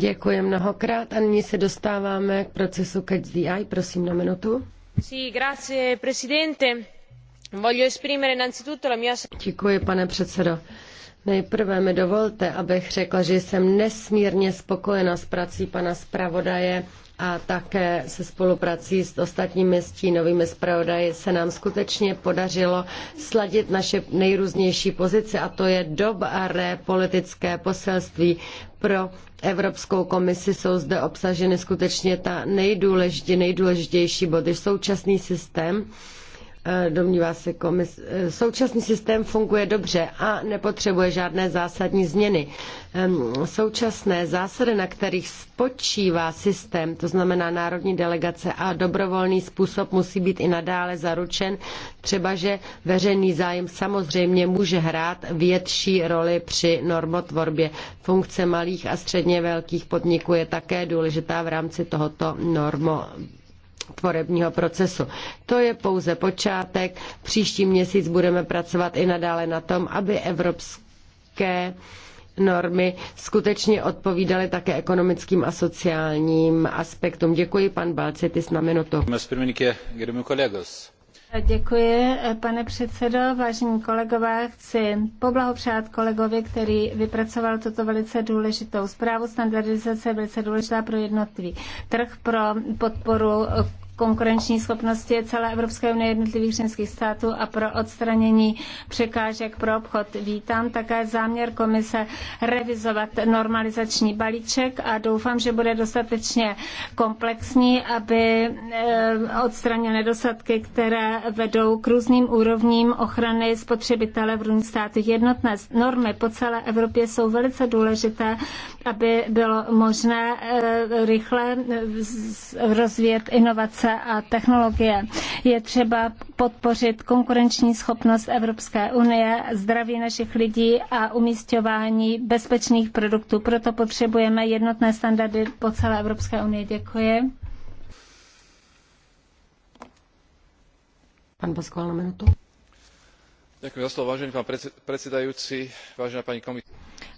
Děkuji mnohokrát a nyní se dostáváme k procesu Catch the Eye. Prosím na minutu. Děkuji, pane předsedo. Nejprve mi dovolte, abych řekla, že jsem nesmírně spokojena s prací pana zpravodaje a také se spoluprací s ostatními stínovými zpravodaji se nám skutečně podařilo sladit naše nejrůznější pozice a to je dobré politické poselství pro Evropskou komisi jsou zde obsaženy skutečně ta nejdůležitější, nejdůležitější body. Současný systém E, domnívá se komis, e, současný systém funguje dobře a nepotřebuje žádné zásadní změny. Současné zásady, na kterých spočívá systém, to znamená národní delegace a dobrovolný způsob musí být i nadále zaručen, třeba že veřejný zájem samozřejmě může hrát větší roli při normotvorbě. Funkce malých a středně velkých podniků je také důležitá v rámci tohoto normo tvorebního procesu. To je pouze počátek. Příští měsíc budeme pracovat i nadále na tom, aby evropské normy skutečně odpovídaly také ekonomickým a sociálním aspektům. Děkuji, pan Balcetis, na minutu. Děkuji, pane předsedo. Vážení kolegové, chci poblahopřát kolegovi, který vypracoval tuto velice důležitou zprávu. Standardizace je velice důležitá pro jednotlivý trh, pro podporu konkurenční schopnosti celé Evropské unie jednotlivých členských států a pro odstranění překážek pro obchod. Vítám také záměr komise revizovat normalizační balíček a doufám, že bude dostatečně komplexní, aby eh, odstranil nedostatky, které vedou k různým úrovním ochrany spotřebitele v různých státech. Jednotné normy po celé Evropě jsou velice důležité, aby bylo možné eh, rychle rozvíjet inovace inovace a technologie. Je třeba podpořit konkurenční schopnost Evropské unie, zdraví našich lidí a umístování bezpečných produktů. Proto potřebujeme jednotné standardy po celé Evropské unii. Děkuji. Pan Pascual na minutu. Děkuji za slovo, vážený pan predsedajúci, vážená paní komisárka.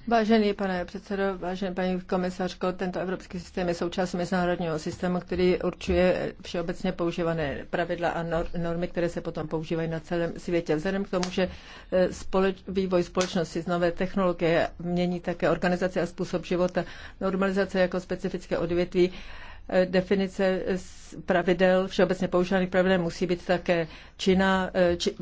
Vážený pane předsedo, vážený paní komisařko, tento evropský systém je součást mezinárodního systému, který určuje všeobecně používané pravidla a normy, které se potom používají na celém světě. Vzhledem k tomu, že eh, společ, vývoj společnosti z nové technologie mění také organizace a způsob života, normalizace jako specifické odvětví, eh, definice pravidel, všeobecně používaných pravidel musí být také činná, eh, či,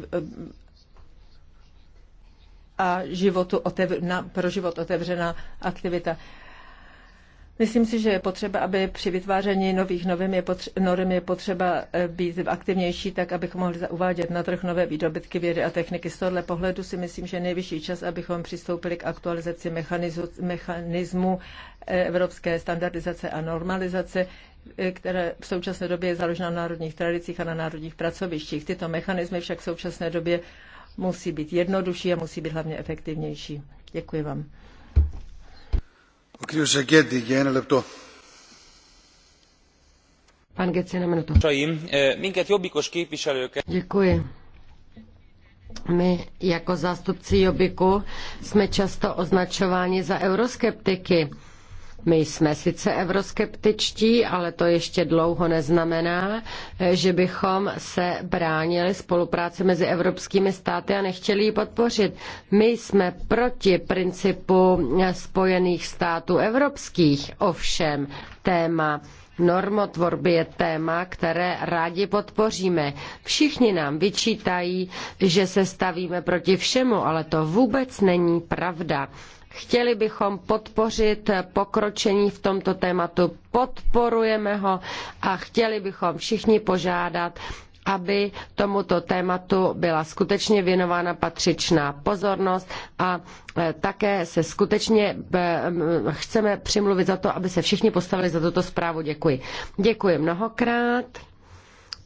a životu otevřena, pro život otevřená aktivita. Myslím si, že je potřeba, aby při vytváření nových norm je, potře- norm je potřeba eh, být aktivnější, tak abychom mohli uvádět na trh nové výdobytky vědy a techniky. Z tohle pohledu si myslím, že je nejvyšší čas, abychom přistoupili k aktualizaci mechanismu eh, evropské standardizace a normalizace, eh, které v současné době je založena na národních tradicích a na národních pracovištích. Tyto mechanismy však v současné době musí být jednodušší a musí být hlavně efektivnější. Děkuji vám. Pan Geci na minutu. E, Děkuji. My jako zástupci Jobiku jsme často označováni za euroskeptiky. My jsme sice euroskeptičtí, ale to ještě dlouho neznamená, že bychom se bránili spolupráci mezi evropskými státy a nechtěli ji podpořit. My jsme proti principu Spojených států evropských, ovšem téma Normotvorby je téma, které rádi podpoříme. Všichni nám vyčítají, že se stavíme proti všemu, ale to vůbec není pravda. Chtěli bychom podpořit pokročení v tomto tématu, podporujeme ho a chtěli bychom všichni požádat, aby tomuto tématu byla skutečně věnována patřičná pozornost a e, také se skutečně e, chceme přimluvit za to, aby se všichni postavili za tuto zprávu. Děkuji. Děkuji mnohokrát.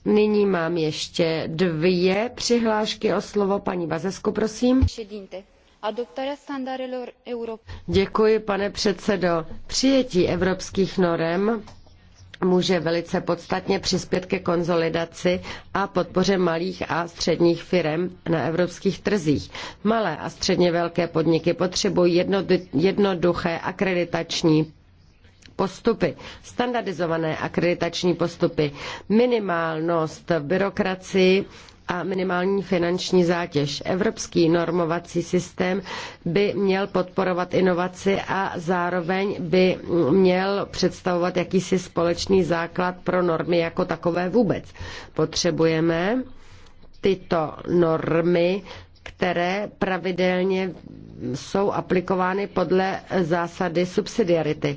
Nyní mám ještě dvě přihlášky o slovo. Paní Bazesku, prosím. Adoptarea standardelor europene. pane Přijetí evropských norem může velice podstatně přispět ke konzolidaci a podpoře malých a středních firm na evropských trzích. Malé a středně velké podniky potřebují jednoduché akreditační postupy, standardizované akreditační postupy, minimálnost v byrokracii a minimální finanční zátěž. Evropský normovací systém by měl podporovat inovaci a zároveň by měl představovat jakýsi společný základ pro normy jako takové vůbec. Potřebujeme tyto normy které pravidelně jsou aplikovány podle zásady subsidiarity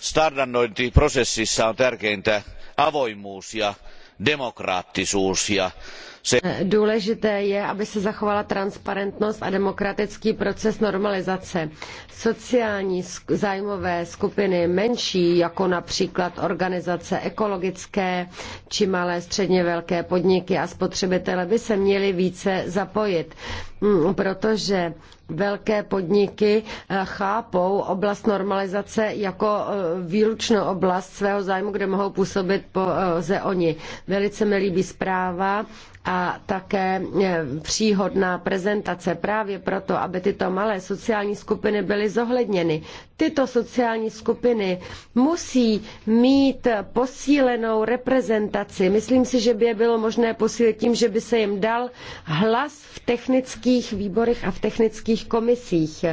standardointiprosessissa on tärkeintä avoimuus ja demokraattisuus ja se... Eh, důležité je, aby se zachovala transparentnost a demokratický proces normalizace. Sociální zájmové skupiny menší, jako například organizace ekologické či malé středně velké podniky a spotřebitele by se měly více zapojit. Mm, protože velké podniky eh, chápou oblast normalizace jako eh, výlučnou oblast svého zájmu, kde mohou působit pouze eh, oni. Velice mi líbí zpráva a také e, příhodná prezentace právě proto, aby tyto malé sociální skupiny byly zohledněny. Tyto sociální skupiny musí mít posílenou reprezentaci. Myslím si, že by je bylo možné posílit tím, že by se jim dal hlas v technických výborech a v technických komisích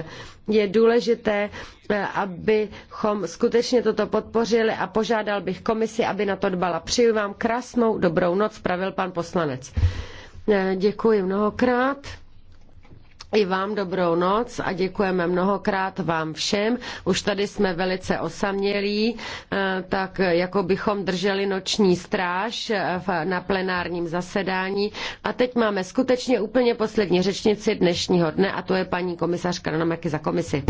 je důležité, eh, abychom skutečně toto podpořili a požádal bych komisi, aby na to dbala. Přeji vám krásnou dobrou noc, pravil pan poslanec. Eh, děkuji mnohokrát. I vám dobrou noc a děkujeme mnohokrát vám všem. Už tady jsme velice osamělí, eh, tak jako bychom drželi noční stráž eh, na plenárním zasedání. A teď máme skutečně úplně poslední řečnici dnešního dne a to je paní komisařka Ranamaky za komisi.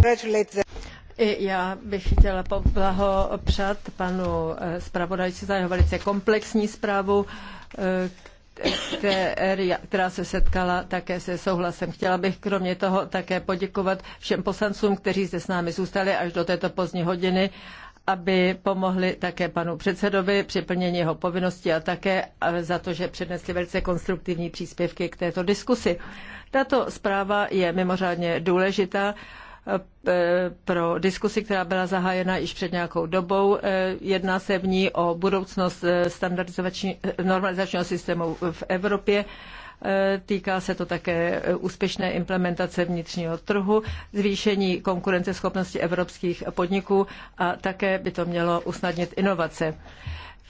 I já bych chtěla poblahopřát panu eh, zpravodajci za jeho velice komplexní zprávu, která se setkala také se souhlasem. Chtěla bych kromě toho také poděkovat všem poslancům, kteří se s námi zůstali až do této pozdní hodiny aby pomohli také panu předsedovi při plnění jeho povinnosti a také za to, že přednesli velice konstruktivní příspěvky k této diskusi. Tato zpráva je mimořádně důležitá pro diskusi, která byla zahájena již před nějakou dobou. Jedná se v ní o budoucnost normalizačního systému v Evropě. Týká se to také úspěšné implementace vnitřního trhu, zvýšení konkurenceschopnosti evropských podniků a také by to mělo usnadnit inovace.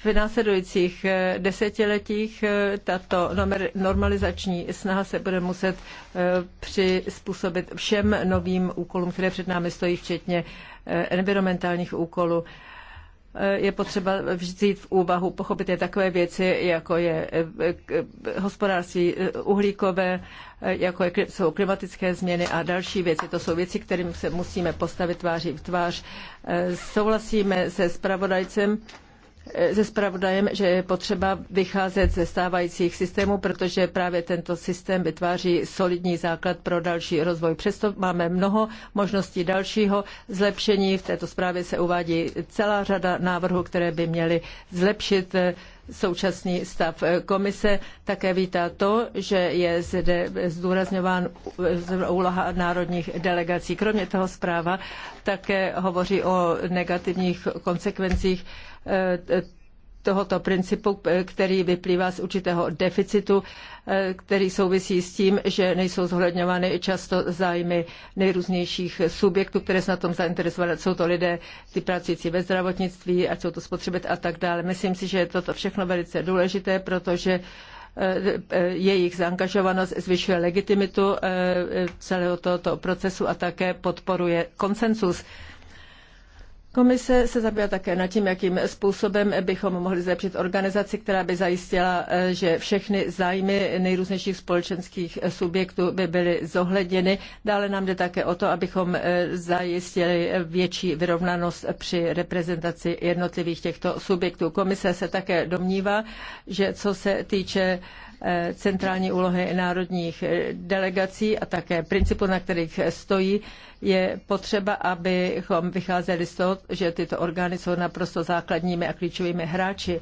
V následujících eh, desetiletích eh, tato normalizační snaha se bude muset eh, přizpůsobit všem novým úkolům, které před námi stojí, včetně environmentálních úkolů je potřeba vzít v úvahu je takové věci, jako je hospodářství uhlíkové, jako je, jsou klimatické změny a další věci. To jsou věci, kterým se musíme postavit tváří v tvář. Souhlasíme se spravodajcem se spravodajem, že je potřeba vycházet ze stávajících systémů, protože právě tento systém vytváří solidní základ pro další rozvoj. Přesto máme mnoho možností dalšího zlepšení. V této zprávě se uvádí celá řada návrhů, které by měly zlepšit současný stav. Komise také vítá to, že je zde zdůrazňován úloha národních delegací. Kromě toho zpráva také hovoří o negativních konsekvencích eh, tohoto principu, který vyplývá z určitého deficitu, eh, který souvisí s tím, že nejsou zohledňovány často zájmy nejrůznějších subjektů, které se na tom zainteresovaly. Jsou to lidé, ty pracující ve zdravotnictví, ať jsou to spotřebit a tak dále. Myslím si, že je toto všechno velice důležité, protože eh, eh, jejich zaangažovanost zvyšuje legitimitu celého tohoto procesu a také podporuje konsensus. Komise se zabývá také nad tím, jakým způsobem bychom mohli zlepšit organizaci, která by zajistila, eh, že všechny zájmy nejrůznějších společenských subjektů by byly zohledněny. Dále nám jde také o to, abychom eh, zajistili větší vyrovnanost při reprezentaci jednotlivých těchto subjektů. Komise se také domnívá, že co se týče Eh, centrální úlohy národních eh, delegací a také principu, na kterých stojí, je potřeba, abychom vycházeli z toho, že tyto orgány jsou naprosto základními a klíčovými hráči.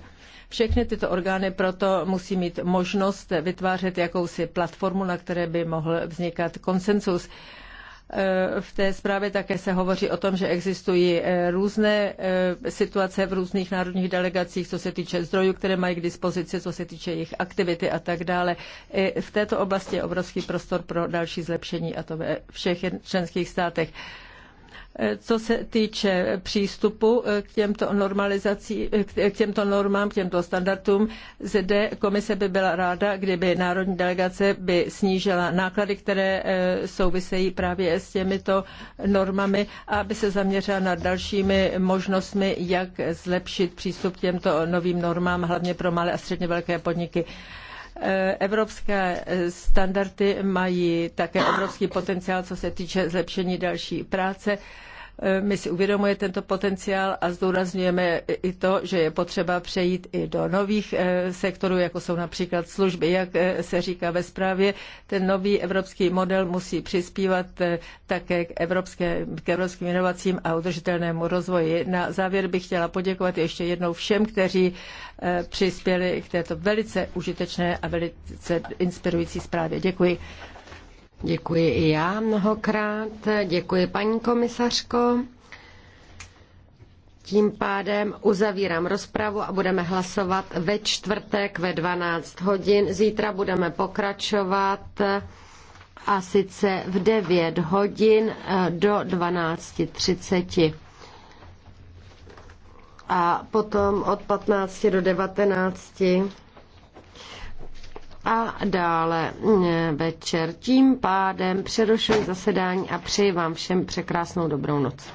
Všechny tyto orgány proto musí mít možnost vytvářet jakousi platformu, na které by mohl vznikat konsensus. Eh, v té zprávě také se hovoří o tom, že existují eh, různé eh, situace v různých národních delegacích, co se týče zdrojů, které mají k dispozici, co se týče jejich aktivity a tak dále. I v této oblasti je obrovský prostor pro další zlepšení a to ve všech členských státech co se týče přístupu k těmto, normalizací, k těmto normám, k těmto standardům, zde komise by byla ráda, kdyby národní delegace by snížila náklady, které eh, souvisejí právě s těmito normami a aby se zaměřila na dalšími možnostmi, jak zlepšit přístup k těmto novým normám, hlavně pro malé a středně velké podniky. Eh, evropské eh, standardy mají také obrovský potenciál, co se týče zlepšení další práce. Eh, my si uvědomujeme tento potenciál a zdůrazňujeme i to, že je potřeba přejít i do nových eh, sektorů, jako jsou například služby. Jak eh, se říká ve zprávě, ten nový evropský model musí přispívat také k, evropské, k evropským inovacím a udržitelnému rozvoji. Na závěr bych chtěla poděkovat ještě jednou všem, kteří přispěli k této velice užitečné a velice inspirující zprávě. Děkuji. Děkuji i já mnohokrát. Děkuji paní komisařko. Tím pádem uzavírám rozpravu a budeme hlasovat ve čtvrtek ve 12 hodin. Zítra budeme pokračovat a sice v 9 hodin eh, do 12.30. A potom od 15 do 19 a dále mm, večer. Tím pádem přerušuji zasedání a přeji vám všem překrásnou dobrou noc.